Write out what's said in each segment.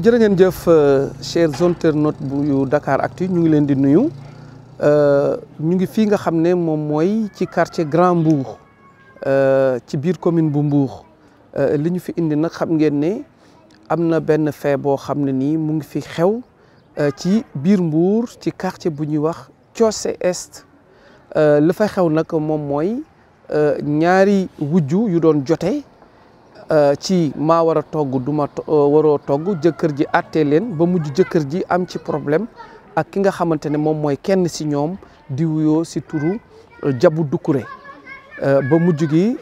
jërë ngeen jëf euh, chers internautes yu Dakar Actu ñu ngi leen di nuyu euh, ñu ngi fii nga xam ne moom mooy ci quartier Grand Mbour euh, ci biir commune bu Mbour li ñu fi indi nag xam ngeen ne am na benn fee boo xam ne nii mu ngi fi xew ci biir mbuur ci quartier bu ñuy wax Cossé Est la fay xew nag moom mooy ñaari wujju yu doon jote Euh, ci maa war a togg du ma euh, waroo togg jëkkër ji àttee leen ba mujj jëkkër ji am ci problème ak ki nga xamante ne moom mooy kenn si ñoom di wuyoo si turu euh, jabu dukkure ba mujj gi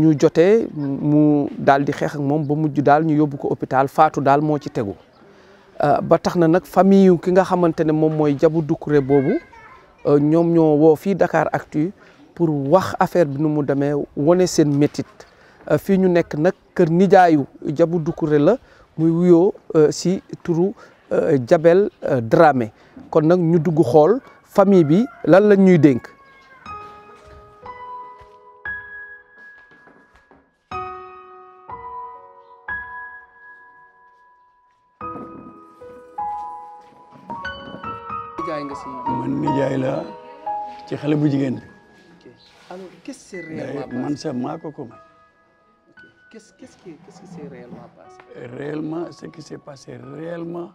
ñu jote mu daal di xeex moom ba mujj daal ñu yóbbu ko hôpital faatu daal moo ci tegu ba tax na nag famille yu ki nga xamante ne moom mooy jabu dukkure boobu ñoom ñoo woo fii Dakar Actu pour wax affaire bi nu mu demee wane seen métit Euh, fii ñu nekk nag kër nijaayu Diabou Doucouré la muy wuyo euh, si turu euh, Jabel drame kon nag ñu dugg xool famille bi lan lañ ñuy dénk nijaay nga si ci xale bu jigéen bi Qu'est-ce qui, s'est réellement passé Réellement, ce qui s'est passé réellement,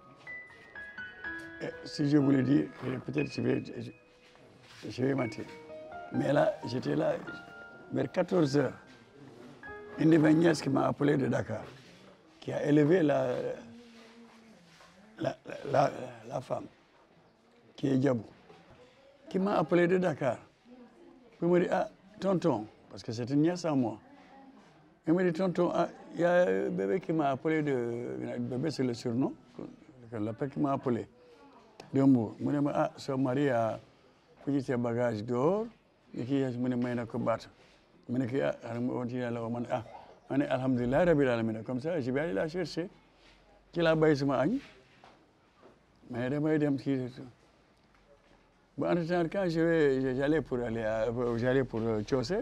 euh, si je voulais dire, peut-être je vais, je, vais mentir. Mais là, j'étais là vers 14h. Une de mes nièces qui m'a appelé de Dakar, qui a élevé la, la, femme, qui est Djabou, qui m'a appelé de Dakar. Puis me dit, ah, tonton, parce que c'est une nièce à moi. Il me dit, tonton, ah, il y a un bébé qui m'a appelé de. Bébé, c'est le surnom, l'appel qui m'a appelé. De Mbour. Il me dit, ah, son mari a pris ses bagages dehors, et qui a ah, dit, il ah, m'a battu. Il me dit, ah, on est Alhamdulillah, Rabbil Alamina. Comme ça, je vais aller la chercher. Qui l'a baissé, sur ma agne. Mais damay dem ci ba en quand j'allais pour aller à, j'allais pour euh, Thiocé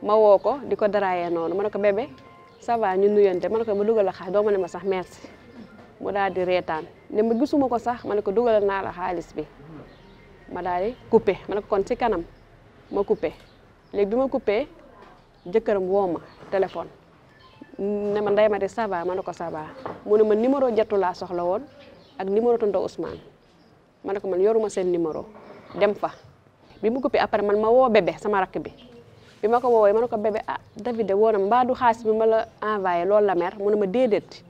ma woo ko di ko daraayee noonu ma ne ko bébé ça va ñu nuyenté mané ne ko ma dugal la xaalis doo ma ma sax merci mu daal di reetaan ne ma gisuma ko sax mané ne ko dugalal na la xaaliss bi ma daal di coupé ma ko kon ci kanam ma couper lég bima couper coupé jëkkëram ma téléphone né ma nday ma ça va mané ko ça va mu né ma numéro jattu la soxla won ak numéro tonto Ousmane mané ko man yoruma sen numéro dem fa bima couper après man ma wo bébé sama rakk bi bi ma ko woowee ma ne ko bébé ah David de woo na mbaa du xaalis bi ma la envoyé lool la mer mu ne ma déedéet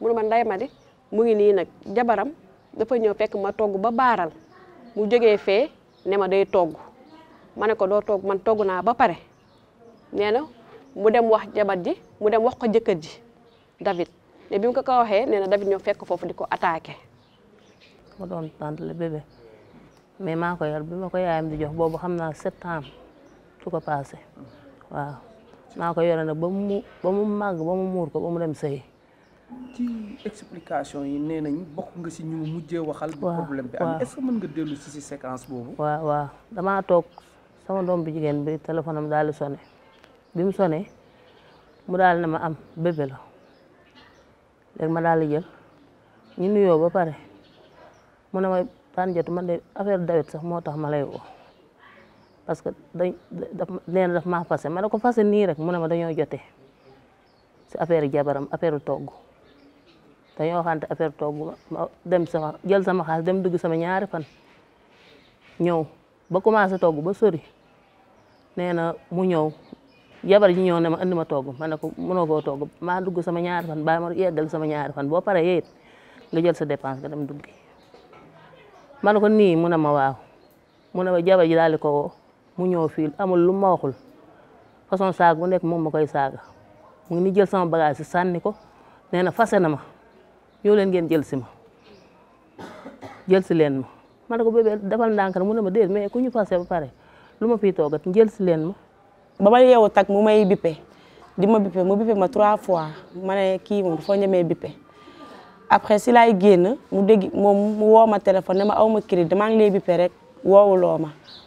mu ne ma nday ma di mu ngi nii nag jabaram dafa ñëw fekk ma togg ba baaral mu jógee fee ne ma day togg ma ne ko doo togg man togg naa ba pare nee na mu dem wax jabar ji mu dem wax ko jëkkër ji David ne bi mu ko ko waxee nee na David ñëw fekk foofu di ko attaqué. ma doon tante la bébé mais maa ko yor bi ma ko yaayam di jox boobu xam naa septembre du ko paase waaw maa yore nag ba mu ba mu màgg ba mu muur ko ba mu dem sëy ci explication yi nee nañ bokk nga si ñu mu mujjee waxal. waaw problème bi am est-ce nga dellu si si séquence boobu. waaw waaw damaa toog sama doom bi jigéen bi téléphone am daal di sonné bi mu daal ne ma am bébé la léegi ma daal jël ñu nuyoo ba pare mu ne ma Tandiatou man de affaire dawet sax moo tax ma lay woo. parce que dañ daf nee na daf maa fase ma ne ko fase nii rek mu ne ma dañoo jote si affaire jabaram affaire togg dañoo waxante affaire togg ma dem sama jël sama xaalis dem dugg sama ñaari fan ñëw ba commencé togg ba sori nee na mu ñëw jabar ji ñëw ne ma andi ma togg ma ne ko mënoo koo togg maa dugg sama ñaari fan bàyyi ma sama ñaari fan boo paree nga jël sa dépense nga dem duggi ma ko nii mu ma waaw mu ne ma jabar ji daal di mu ñëw fii amul lu ma waxul façon saag bu nekk moom ma koy saaga mu ni jël sama bagage si sànni ko nee na fase na ma ñëw leen ngeen jël si ma jël si leen ma ma ne ko bébé defal ndànk mu ne ma déet mais ku ñu fase ba pare lu ma fii toogat jël si leen ma ba ma yeewu tak mu may bippe di ma bippe mu bippe ma trois fois ma ne kii moom dafa ñemee bippe après si laay génn mu dégg moom mu woo ma téléphone ne ma aw ma crédit maa ngi lay bippe rek woowuloo ma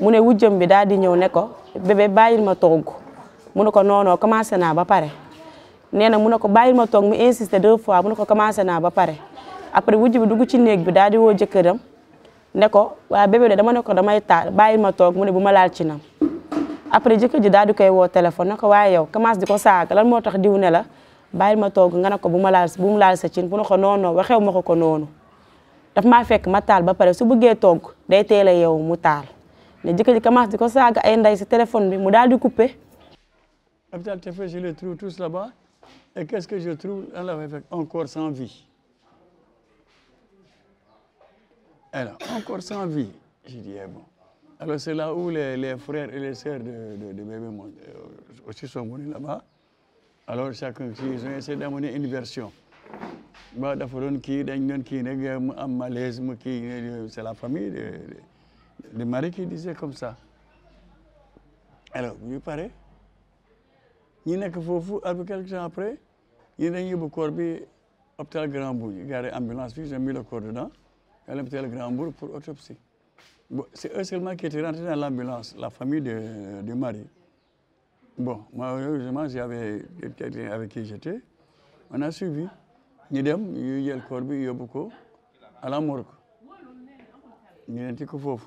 mu ne wujjam bi daal di ñëw ne ko bàyyil ma toog mu ne ko noonoo commencé naa ba pare nee na mu ne ko bàyyil ma toog mu insisté deux fois mu ne ko commencé naa ba pare après wujj bi dugg ci néeg bi daal di woo jëkkëram ne ko waa bébé dama ne ko damay taal bàyyil ma toog mu ne bu ma laal ci nam après jëkkër ji daal di koy woo téléphone ne ko waaye yow commencé di ko saaga lan moo tax diw ne la bàyyil ma toog nga ne ko bu ma laal bu mu laal sa cin bu ne ko noonoo waxew ma ko ko noonu daf maa fekk ma taal ba pare su bëggee togg day teel a yow mu taal ne jëkkër que commencé di ko saaga ay ndey si téléphone bi mu daal couper. coupé. hôpital Teffe je les trouve tous là-bas et qu'est-ce que je trouve lan la sans vie alors encore sans vie je dis eh bon alors c'est là où les les frères et les sœurs de de de bébé mon euh, aussi sont venus là-bas alors chacun qui ils ont essayé d'amener une version ba dafa doon kii dañ doon kii nag mu am malaise mu kii c'est la famille de. Le mari qui disait comme ça. Alors, il ñu paree a que vous après quelques temps après a eu yóbbu corps de l'hôpital Grand-Bourg garé ambulance l'ambulance, j'ai mis le corps dedans à l'hôpital Grand-Bourg pour autopsie. Bon, c'est eux seulement qui étaient rentrés dans l'ambulance, la famille de, de Marie. Bon, malheureusement, j'avais quelqu'un avec qui j'étais. On a suivi. Ñu dem eu jël corps bi yóbbu ko à la morgue. a leen ko fofu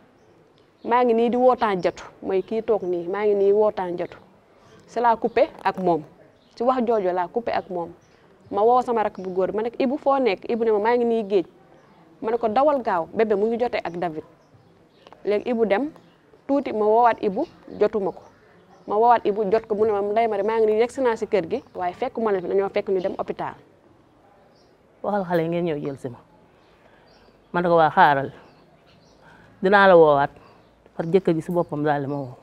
maa ngi di wootaan jatu moy ki tok ni maa ngi nii wootaan jotu si coupé ak mom ci wax jojo la coupé ak mom ma wo sama rak bu ma ibu fonek, nek ibu ne ma maa ngi nii géej ko dawal gaaw bebe mu ngi joté ak David leg ibu dem touti ma woowaat ibu jotumako ko ma woowaat ibu jot ko mu ne ma nday ma maa ngi nii yegsi naa si kër gi waye fekk ma la dañu fekk ñu dem hôpital waxal xale ngeen ñew jël man xaaral dina la par jëkkër ji si boppam daal ma woo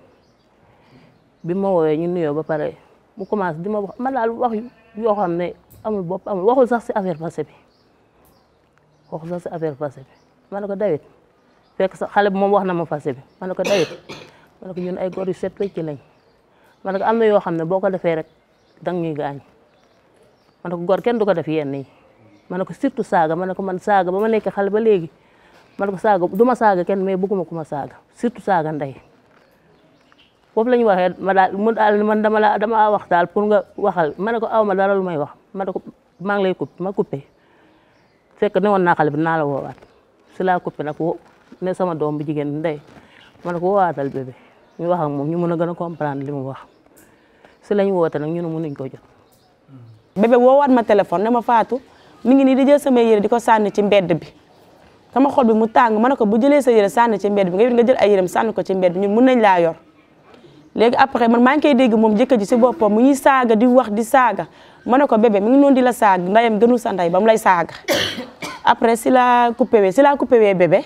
bi ma woowee ñu nuyoo ba pare mu commencé di ma wax man daal wax yoo xam ne amul bopp amul waxul sax si affaire passé bi waxul sax affaire passé bi ma ne ko David fekk sa xale bi moom wax na ma passé bi ma ne ko David ma ne ko ñun ay góor yu set wecc lañ ma ne am na yoo xam ne boo ko defee rek dang ñuy gaañ ma ne ko góor kenn du ko def yenn yi ma ne ko saaga ma ne ma nekk xale ba léegi man ko saaga du ma saaga kenn mais bëgguma ku ma saaga surtout saaga ndey foofu la ñu waxee ma daal mu daal man dama la dama wax daal pour nga waxal ma ne ko aw ma dara lu may wax ma ne ko maa ngi lay coupé ma coupé fekk ne woon naa xale bi naa la woowaat si laa coupé nag woo ne sama doom bu jigéen ndey ma ne ko woowaatal bébé ñu wax ak moom ñu mën a gën a comprendre li mu wax si lañ woote nag ñu ne mënuñ ko jot. bébé woowaat ma téléphone ne ma faatu mi ngi nii di jël sama di ko sànni ci mbedd bi. sama xol bi mu tàng ma ne ko bu jëlee sa yére sànni ci mbedd bi nga yit nga jël ay yérem sànni ko ci mbedd bi ñun mun nañ laa yor léegi après ma maa ngi koy dégg moom jëkkër ji si boppa mu ñuy saaga di wax di saaga ma ne ko bébé mi ngi noonu di la saag ndayam gënul sa nday ba lay saaga après si la coupé si la coupé wee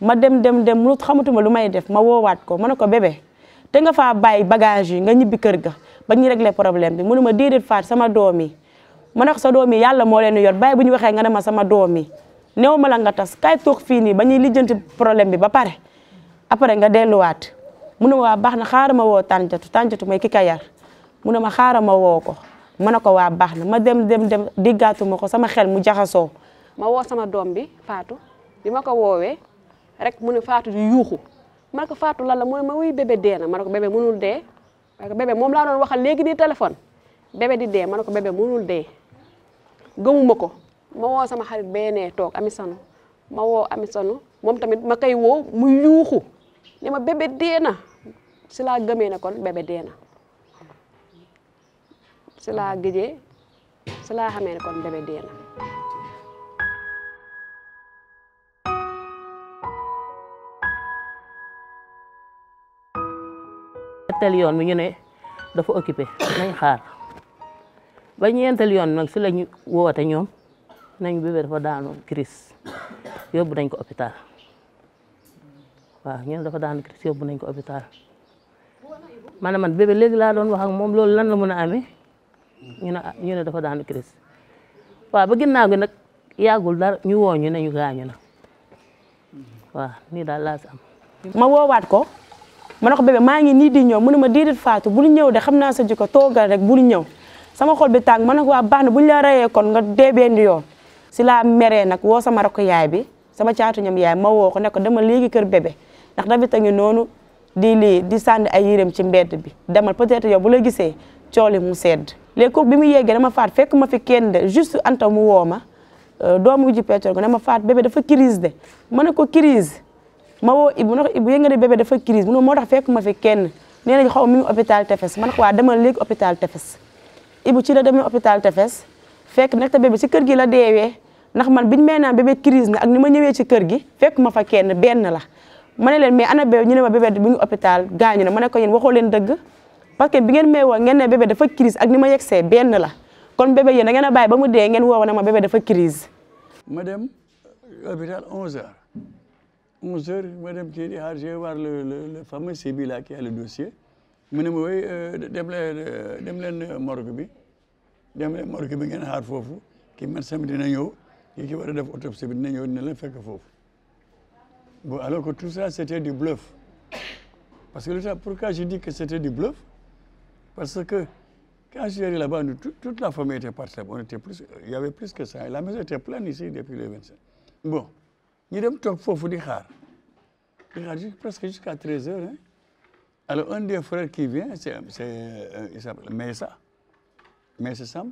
ma dem dem dem mu xamatuma lu may def ma woowaat ko ma ne ko bébé te nga faa bàyyi bagage yi nga ñibbi kër ga ba ñu réglé problème bi mënu ma déedéet faat sama doom yi ma ne sa doom yi yàlla moo leen yor bàyyi bu ñu waxee nga ne ma sama doom yi néew ma la nga tas kaay toog fii nii ba ñuy lijjanti problème bi ba pare après nga delluwaat mu ne waa baax na xaaral ma woo tàncatu tàncatu may ki ka yar mu ne ma xaaral ma woo ko ma ne ko waa baax na ma dem dem dem diggaatuma ko sama xel mu jaxasoo. ma woo sama doom bi faatu bi ma ko woowee rek mu ne Fatou di yuuxu ma ne ko Fatou lan la mu ma wuy bébé dee na ma ne ko bébé mënul dee parce moom laa doon waxal léegi nii téléphone bébé di dee ma ne ko bébé mënul dee gëmuma ko. ma woo sama xarit beenee toog ami sanu ma woo ami sanu moom tamit ma koy woo mu yuuxu ni ma bébé dee na si laa kon bébé dee na si laa gëjee si laa xamee ne kon bébé dee na ñetteel yoon bi ñu ne dafa occupé nañ xaar ba ñeenteel yoon nag si lañu woote ñoom nañ bébé dafa daanu crise yóbbu nañ ko hôpital waaw ñu dafa daanu crise yóbbu nañ ko hôpital maanaam man bébé léegi laa doon wax ak moom loolu lan la mën a amee ñu ne ah, ñu ne dafa daanu crise waaw ba ginnaaw gi nag yàggul dara ñu woo ñu ne ñu na waaw nii daal laa si am. ma woowaat ko ma ne ko bébé maa ngi nii di ñëw mu ne ma déedéet Fatou bul ñëw de xam naa sa jikko toogal rek bul ñëw sama xol bi tàng ma ne ko waa baax na bu ñu la rayee kon nga dee benn si laa meree nag woo sama rakk yaay bi sama caatu ñam yaay ma woo ko ne ko dama kër bébé ndax David a ngi noonu di lii di sànni ay yérem ci mbedd bi demal peut-être yow bu la gisee cooli mu sedd léegi kooku bi mu yeggee dama faat fekk ma fi kenn de juste mu woo ma euh, doomu ji peccor ko dama faat bébé dafa crise de ma ne ko crise ma woo Ibou ma ne ko Ibou yënga ne bébé dafa crise mu moo tax fekk ma fi kenn nee nañ xaw mi ngi hôpital Tefes ma ne waa demal léegi hôpital Tefes Ibou ci la demee hôpital Tefes fekk ndaxte bébé si kër gi la deewee ndax man biñu may naan bébé crise na ak ni ma ñëwee ci kër gi fekk ma fa kenn benn la ma ne leen mais ana bébé ñu ne ma bébé bi ngi hôpital gaañu na ma ne ko yéen waxoo leen dëgg parce que ngeen may woo ngeen ne bébé dafa crise ak ni ma yegsee benn la kon bébé yéen da ngeen ba mu dee ngeen woo na ma bébé dafa crise ma dem hôpital 11h 11h ma dem kii di xaar je voir a le dossier mu ne ma woy euh, dem leen euh, dem bi dem leen Maroc bi ngeen xaar foofu ki médecin bi dina ñëw ci war def autopsie bi dina ñëw dina fekk alors que tout ça c'était du bluff parce que pourquoi je dis que c'était du bluff parce que quand je suis allé là-bas toute, la famille était partie on était plus il y avait plus que ça la maison était pleine ici depuis le 25 bon ñu dem toog foofu di xaar di xaar presque jusqu'à 13 heures hein alors un des frères qui vient c'est c'est euh, il s'appelle Mesa. mais c'est Samb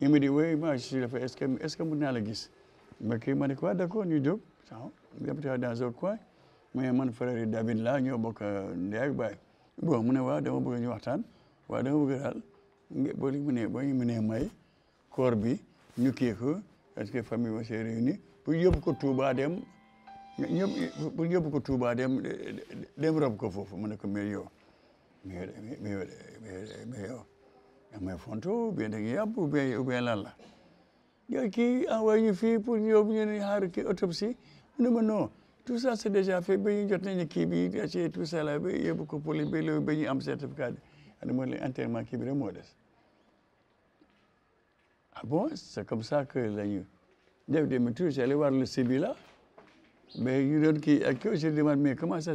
il me dit oui moi je suis là est-ce que est-ce que mën naa la gis mais kii ma ne quoi ah, d'accord ñu jóg waaw ah, j'habitais dans un coin mais man frère David laa ñoo bokk euh, ndey ak baay bon mu ne waaw dama bëgg ñu waxtaan waaw dama bëgg daal boo ñu mënee boo ñu mënee may koor bi ñu kii ko parce que famille ba s'est réunie pour yóbbu ko Touba dem ñëpp pour yóbbu ko Touba dem dem rob ko foofu mu ne ko mais yow mais yow mais yow damay fonto ou bien da nga yàpp ou bien ou bien lan la yow kii envoyé ñu fii pour ñu yóbbu ñu ne xaar kii autopsie mu ne ma non tout ça c'est déjà fait ba ñu jot nañu kii bi ci tout ça là ba yóbbu ko poli ba am certificat bi ana mooy le enterrement kii bi moo des ah bon c'est comme ça que la ñu def des météo j'allais voir le CBI là mais ñu doon kii ak kii je demande mais comment ça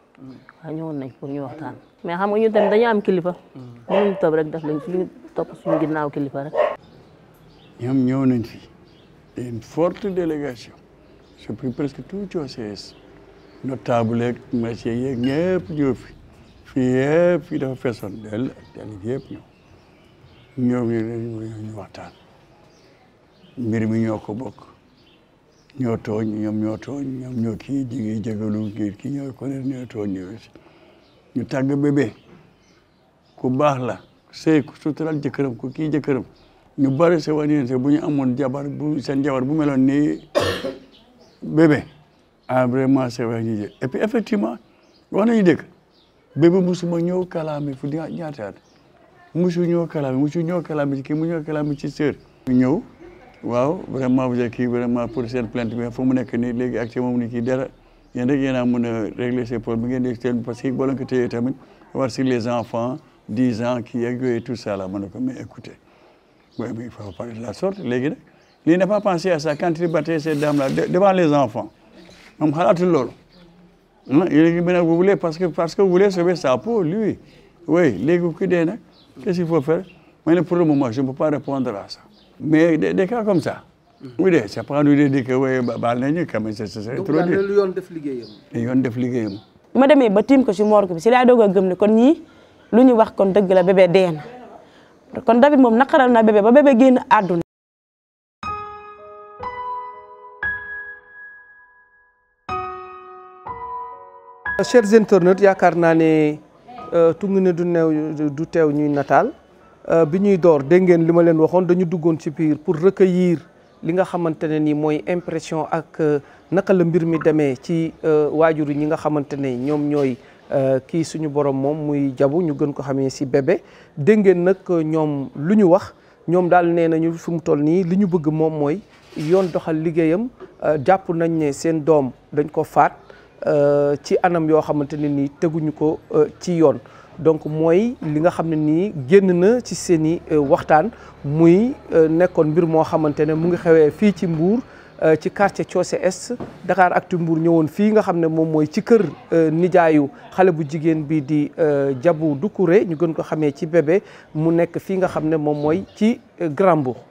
waaw ñëwoon nañ pour ñu waxtaan mais xam nga ñu tamit dañu am kilifa mënuñ tëb rek def lañ suñu topp suñu ginnaaw kilifa rek ñoom ñëw nañ fi une forte délégation j'ai pris presque tout COCS notable yeeg métier yeeg ñëpp ñëw fi fii yëpp fii dafa feesoon dell ak talib yëpp ñëw ñoom ñu waxtaan mbir mi ñoo ko bokk ñoo tooñ ñoom ñoo tooñ ñoom ñoo kii jigi ñoo ko ne ñoo tooñ ñoo ñu tàgg bébé ku baax la sëy ku sutural jëkkëram ku kii jëkkëram ñu bari sa waniyente bu ñu amoon jabar bu seen jabar bu meloon nii bébé ah vraiment c'est vrai ñu jël et puis effectivement wax nañu dëgg bébé musuma ñëw kalaami fu ñaataat musu ñëw kalaami musu ñëw kalaami ci kii mu ñëw kalaami ci sœur ñëw waaw vraiment vous êtes kii vraiment pour cette plainte bi faut mu nekk nii léegi ak ci moom ni kii dara yéen rek yéen a mën a régler ces problèmes bi ngeen di seen parce que boo ko tamit war si les enfants dix ans qui ak yooyu tout ça là ma ko mais écoutez oui mais il faut parler de la sorte léegi nag n'a pas pensé à ça quand il battait ces dames là devant les enfants moom xalaatul loolu Mais est bien vous voulez parce que parce que vous voulez sauver sa peau lui oui léegi ku dee nag qu'est-ce qu'il faut faire mais pour le moment je ne peux pas répondre à ça. mais des, des cas comme ça. oui de c'est pas nous de dire que oui baal nañu quand même c'est trop dur. donc yoon def liggéeyam. yoon def liggéeyam. bi ma demee ba tiim ko si morgue bi si laa doog a gëm kon ñii lu ñu wax kon dëgg la bébé dee kon David moom naqaral na bébé ba bébé génn àdduna. chers internautes yaakaar naa ne euh, tungu ne du new du teew ñuy nataal. Euh, bi ñuy door dégg ngeen li ma leen waxoon dañu duggoon ci biir pour yiir li nga xamante ne ni mooy impression ak euh, naka la mbir mi demee ci euh, waajur yi ñi nga xamante ne ñoom ñooy kii suñu borom moom muy jabu ñu gën ko xamee si bebe dégg ngeen nag ñoom lu ñu wax ñoom daal nee nañu fi mu toll nii li ñu bëgg moom mooy yoon doxal liggéeyam jàpp nañ ne seen doom dañ ko faat ci anam yoo xamante ne nii teguñu ko ci yoon. donc mooy li nga xam ne nii génn na ci seen i euh, waxtaan muy euh, nekkoon mbir moo xamante ne mu ngi xewee fii ci Mbour euh, ci quartier Thiocé Est Dakar Actu Mbour ñëwoon fii nga xam ne moom mooy ci kër nijaayu xale bu jigéen bi di Diabou Doucouré ñu gën ko xamee ci bébé mu nekk fii nga xam ne moom mooy ci Grand Mbour